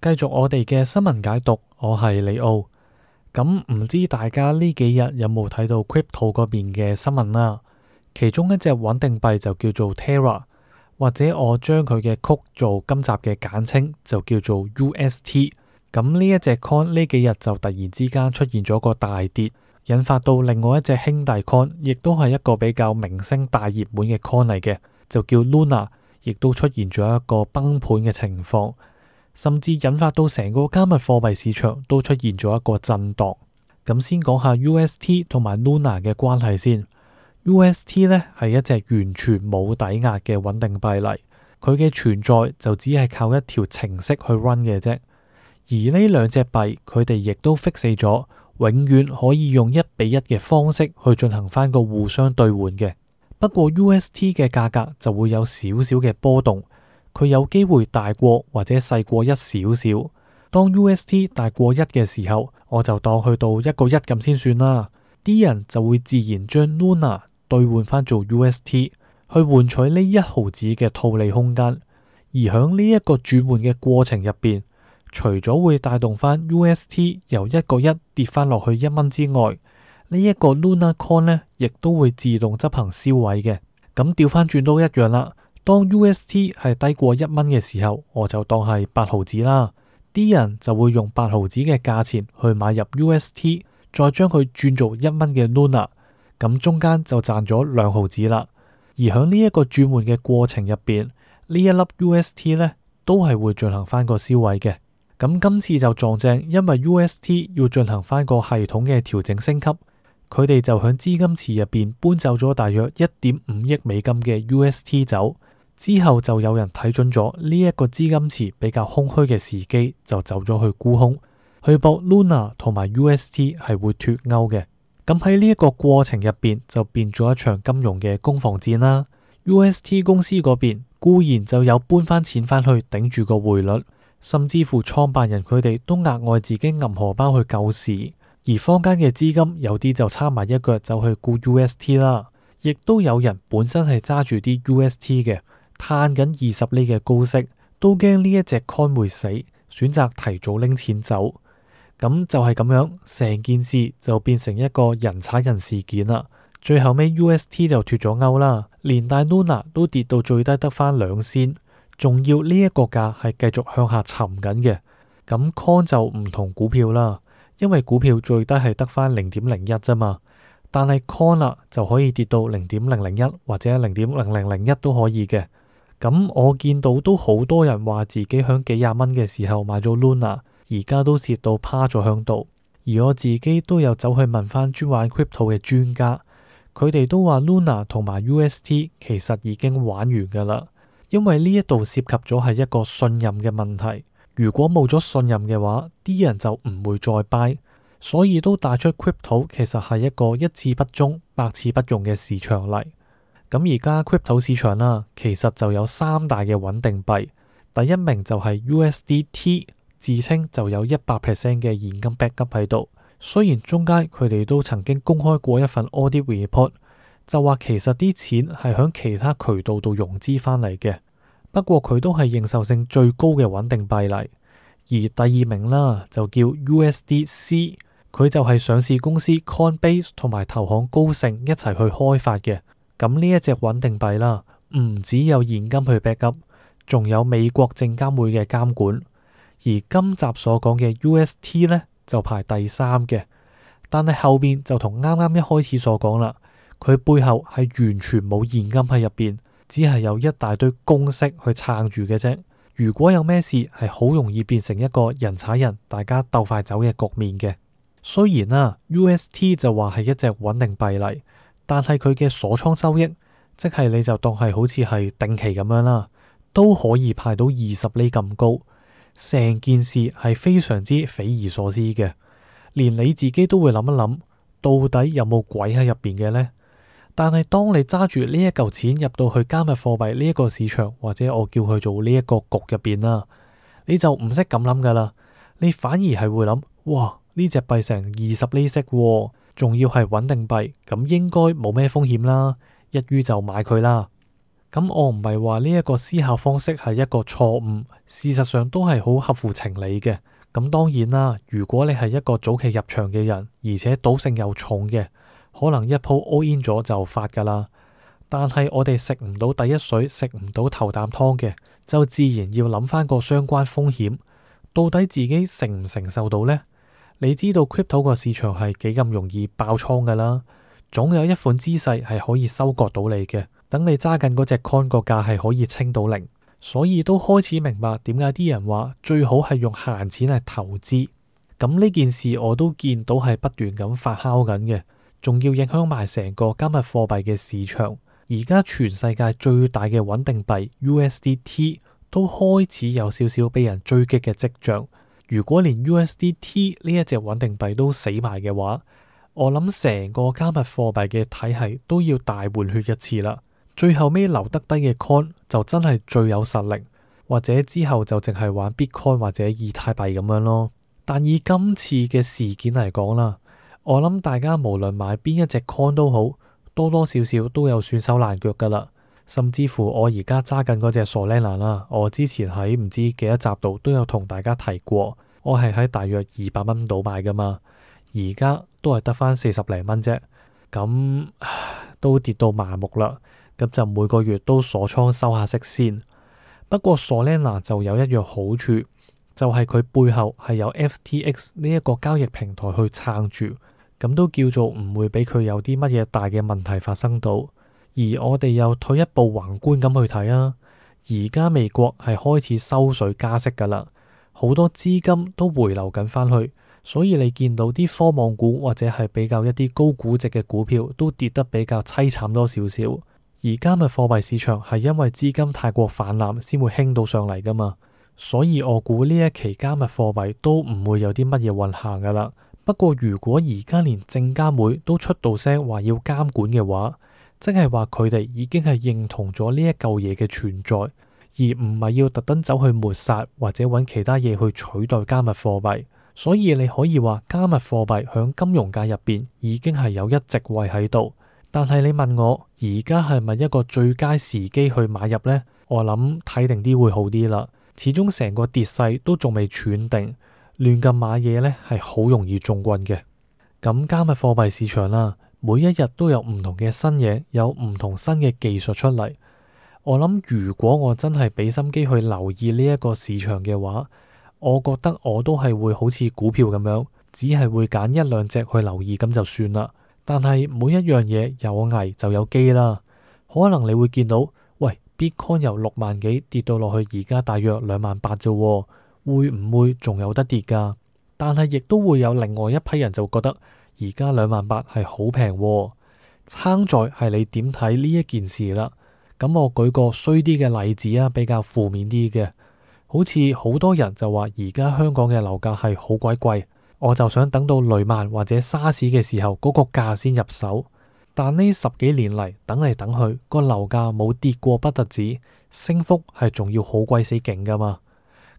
繼續我哋嘅新聞解讀，我係李奧。咁、嗯、唔知大家呢幾日有冇睇到 Crypto 嗰邊嘅新聞啊？其中一隻穩定幣就叫做 Terra，或者我將佢嘅曲做今集嘅簡稱就叫做 UST。咁、嗯、呢一隻 Coin 呢幾日就突然之間出現咗個大跌，引發到另外一隻兄弟 Coin，亦都係一個比較明星大熱門嘅 Coin 嚟嘅，就叫 Luna，亦都出現咗一個崩盤嘅情況。甚至引發到成個加密貨幣市場都出現咗一個震蕩。咁先講下 UST 同埋 Luna 嘅關係先。UST 咧係一隻完全冇抵押嘅穩定幣嚟，佢嘅存在就只係靠一條程式去 run 嘅啫。而呢兩隻幣佢哋亦都 fix 咗，永遠可以用一比一嘅方式去進行翻個互相兌換嘅。不過 UST 嘅價格就會有少少嘅波動。佢有機會大過或者細過一少少。當 UST 大過一嘅時候，我就當去到一個一咁先算啦。啲人就會自然將 Luna 兌換翻做 UST 去換取呢一毫子嘅套利空間。而喺呢一個轉換嘅過程入邊，除咗會帶動翻 UST 由一個一跌翻落去一蚊之外，這個、呢一個 Luna Coin 呢亦都會自動執行銷毀嘅。咁掉翻轉都一樣啦。當 UST 係低過一蚊嘅時候，我就當係八毫子啦。啲人就會用八毫子嘅價錢去買入 UST，再將佢轉做一蚊嘅 Luna。咁中間就賺咗兩毫子啦。而響呢一個轉換嘅過程入邊，呢一粒 UST 呢都係會進行翻個銷毀嘅。咁今次就撞正，因為 UST 要進行翻個系統嘅調整升級，佢哋就響資金池入邊搬走咗大約一點五億美金嘅 UST 走。之後就有人睇準咗呢一個資金池比較空虛嘅時機，就走咗去沽空，去博 Luna 同埋 UST 係會脫鈎嘅。咁喺呢一個過程入邊就變咗一場金融嘅攻防戰啦。UST 公司嗰邊固然就有搬翻錢翻去頂住個匯率，甚至乎創辦人佢哋都額外自己揞荷包去救市，而坊間嘅資金有啲就插埋一腳走去沽 UST 啦，亦都有人本身係揸住啲 UST 嘅。攤緊二十厘嘅高息，都驚呢一隻 con 會死，選擇提早拎錢走。咁就係咁樣，成件事就變成一個人踩人事件啦。最後尾 UST 就脫咗鈎啦，連帶 Luna 都跌到最低得返兩仙，仲要呢一個價係繼續向下沉緊嘅。咁 con 就唔同股票啦，因為股票最低係得返零點零一啫嘛，但係 con 就可以跌到零點零零一或者零點零零零一都可以嘅。咁我見到都好多人話自己響幾廿蚊嘅時候買咗 Luna，而家都蝕到趴咗響度。而我自己都有走去問翻專玩 Crypto 嘅專家，佢哋都話 Luna 同埋 UST 其實已經玩完㗎喇，因為呢一度涉及咗係一個信任嘅問題。如果冇咗信任嘅話，啲人就唔會再 buy，所以都帶出 Crypto 其實係一個一次不忠，百次不用嘅市場嚟。咁而家 Crypto 市場啦、啊，其實就有三大嘅穩定幣，第一名就係 USDT，自稱就有一百 percent 嘅現金 backup 喺度。雖然中間佢哋都曾經公開過一份 audit report，就話其實啲錢係響其他渠道度融資翻嚟嘅。不過佢都係認受性最高嘅穩定幣嚟。而第二名啦就叫 USDC，佢就係上市公司 Coinbase 同埋投行高盛一齊去開發嘅。咁呢一隻穩定幣啦，唔只有現金去 back up，仲有美國證監會嘅監管。而今集所講嘅 UST 咧，就排第三嘅，但係後邊就同啱啱一開始所講啦，佢背後係完全冇現金喺入邊，只係有一大堆公式去撐住嘅啫。如果有咩事，係好容易變成一個人踩人，大家鬥快走嘅局面嘅。雖然啦、啊，UST 就話係一隻穩定幣嚟。但係佢嘅鎖倉收益，即係你就當係好似係定期咁樣啦，都可以派到二十厘咁高，成件事係非常之匪夷所思嘅，連你自己都會諗一諗，到底有冇鬼喺入邊嘅呢？但係當你揸住呢一嚿錢入到去加密貨幣呢一個市場，或者我叫佢做呢一個局入邊啦，你就唔識咁諗噶啦，你反而係會諗，哇，呢隻幣成二十厘息哦。仲要係穩定幣，咁應該冇咩風險啦。一於就買佢啦。咁我唔係話呢一個思考方式係一個錯誤，事實上都係好合乎情理嘅。咁當然啦，如果你係一個早期入場嘅人，而且賭性又重嘅，可能一鋪 all in 咗就發噶啦。但係我哋食唔到第一水，食唔到頭啖湯嘅，就自然要諗翻個相關風險，到底自己承唔承受到呢？你知道 crypto 個市場係幾咁容易爆倉噶啦，總有一款姿勢係可以收割到你嘅。等你揸緊嗰隻 coin 個價係可以清到零，所以都開始明白點解啲人話最好係用閒錢嚟投資。咁呢件事我都見到係不斷咁發酵緊嘅，仲要影響埋成個加密貨幣嘅市場。而家全世界最大嘅穩定幣 USDT 都開始有少少俾人追擊嘅跡象。如果連 USDT 呢一隻穩定幣都死埋嘅話，我諗成個加密貨幣嘅體系都要大換血一次啦。最後尾留得低嘅 coin 就真係最有實力，或者之後就淨係玩 Bitcoin 或者以太幣咁樣咯。但以今次嘅事件嚟講啦，我諗大家無論買邊一隻 coin 都好，多多少少都有損手爛腳㗎啦。甚至乎我而家揸緊嗰隻 Solana 啦，我之前喺唔知幾多集度都有同大家提過，我係喺大約二百蚊度買噶嘛，而家都係得翻四十零蚊啫，咁都跌到麻木啦，咁就每個月都鎖倉收下息先。不過 Solana 就有一樣好處，就係、是、佢背後係有 FTX 呢一個交易平台去撐住，咁都叫做唔會俾佢有啲乜嘢大嘅問題發生到。而我哋又退一步宏觀咁去睇啊，而家美國係開始收水加息噶啦，好多資金都回流緊翻去，所以你見到啲科網股或者係比較一啲高估值嘅股票都跌得比較凄慘多少少。而加密貨幣市場係因為資金太過泛濫，先會興到上嚟噶嘛，所以我估呢一期加密貨幣都唔會有啲乜嘢運行噶啦。不過如果而家連證監會都出到聲話要監管嘅話，即係話佢哋已經係認同咗呢一嚿嘢嘅存在，而唔係要特登走去抹殺或者揾其他嘢去取代加密貨幣。所以你可以話加密貨幣響金融界入邊已經係有一席位喺度。但係你問我而家係咪一個最佳時機去買入呢？我諗睇定啲會好啲啦。始終成個跌勢都仲未斷定，亂咁買嘢呢係好容易中棍嘅。咁加密貨幣市場啦、啊。每一日都有唔同嘅新嘢，有唔同新嘅技術出嚟。我諗，如果我真係俾心機去留意呢一個市場嘅話，我覺得我都係會好似股票咁樣，只係會揀一兩隻去留意咁就算啦。但係每一樣嘢有危就有機啦，可能你會見到，喂，Bitcoin 由六萬幾跌到落去，而家大約兩萬八啫，會唔會仲有得跌噶？但係亦都會有另外一批人就覺得。而家兩萬八係好平喎，差在係你點睇呢一件事啦。咁我舉個衰啲嘅例子啊，比較負面啲嘅，好似好多人就話而家香港嘅樓價係好鬼貴，我就想等到雷曼或者沙士嘅時候嗰個價先入手。但呢十幾年嚟等嚟等去，個樓價冇跌過不特止，升幅係仲要好鬼死勁㗎嘛。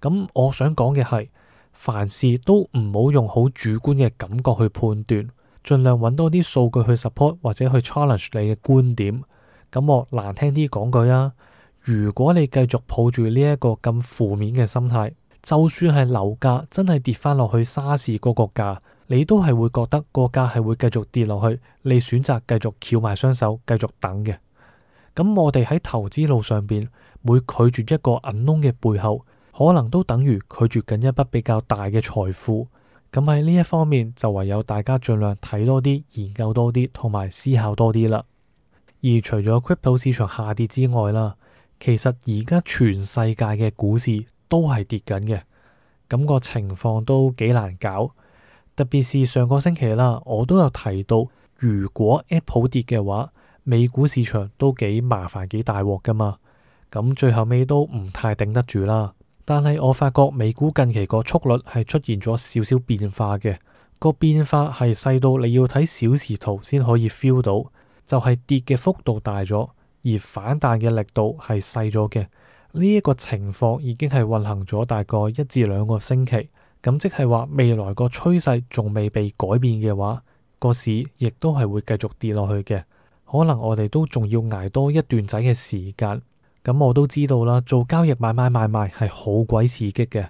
咁我想講嘅係，凡事都唔好用好主觀嘅感覺去判斷。盡量揾多啲數據去 support 或者去 challenge 你嘅觀點。咁我難聽啲講句啊，如果你繼續抱住呢一個咁負面嘅心態，就算係樓價真係跌翻落去沙士嗰個價，你都係會覺得個價係會繼續跌落去，你選擇繼續翹埋雙手繼續等嘅。咁我哋喺投資路上邊，每拒絕一個銀窿嘅背後，可能都等於拒絕緊一筆比較大嘅財富。咁喺呢一方面就唯有大家盡量睇多啲、研究多啲、同埋思考多啲啦。而除咗 crypto 市場下跌之外啦，其實而家全世界嘅股市都係跌緊嘅，咁個情況都幾難搞。特別是上個星期啦，我都有提到，如果 Apple 跌嘅話，美股市場都幾麻煩，幾大鑊噶嘛。咁最後尾都唔太頂得住啦。但係我發覺美股近期個速率係出現咗少少變化嘅，個變化係細到你要睇小時圖先可以 feel 到，就係跌嘅幅度大咗，而反彈嘅力度係細咗嘅。呢一個情況已經係運行咗大概一至兩個星期，咁即係話未來個趨勢仲未被改變嘅話，個市亦都係會繼續跌落去嘅，可能我哋都仲要捱多一段仔嘅時間。咁我都知道啦，做交易買買賣賣係好鬼刺激嘅，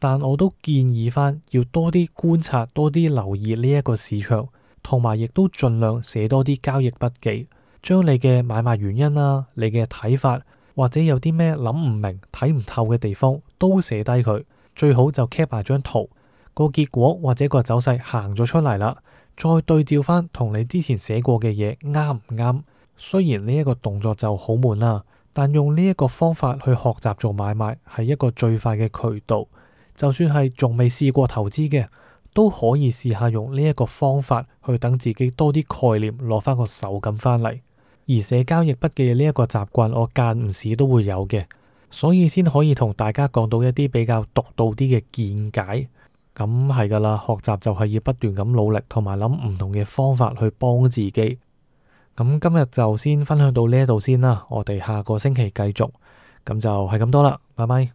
但我都建議翻要多啲觀察，多啲留意呢一個市場，同埋亦都盡量寫多啲交易筆記，將你嘅買賣原因啦、啊、你嘅睇法或者有啲咩諗唔明、睇唔透嘅地方都寫低佢，最好就 keep 埋張圖、個結果或者個走勢行咗出嚟啦，再對照翻同你之前寫過嘅嘢啱唔啱。雖然呢一個動作就好悶啊。但用呢一個方法去學習做買賣係一個最快嘅渠道，就算係仲未試過投資嘅，都可以試下用呢一個方法去等自己多啲概念，攞翻個手感翻嚟。而寫交易筆記嘅呢一個習慣，我間唔時都會有嘅，所以先可以同大家講到一啲比較獨到啲嘅見解。咁係噶啦，學習就係要不斷咁努力，同埋諗唔同嘅方法去幫自己。咁今日就先分享到呢一度先啦，我哋下個星期繼續，咁就係咁多啦，拜拜。